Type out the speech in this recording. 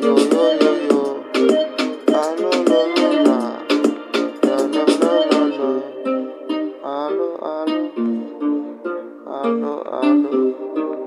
I know, I know.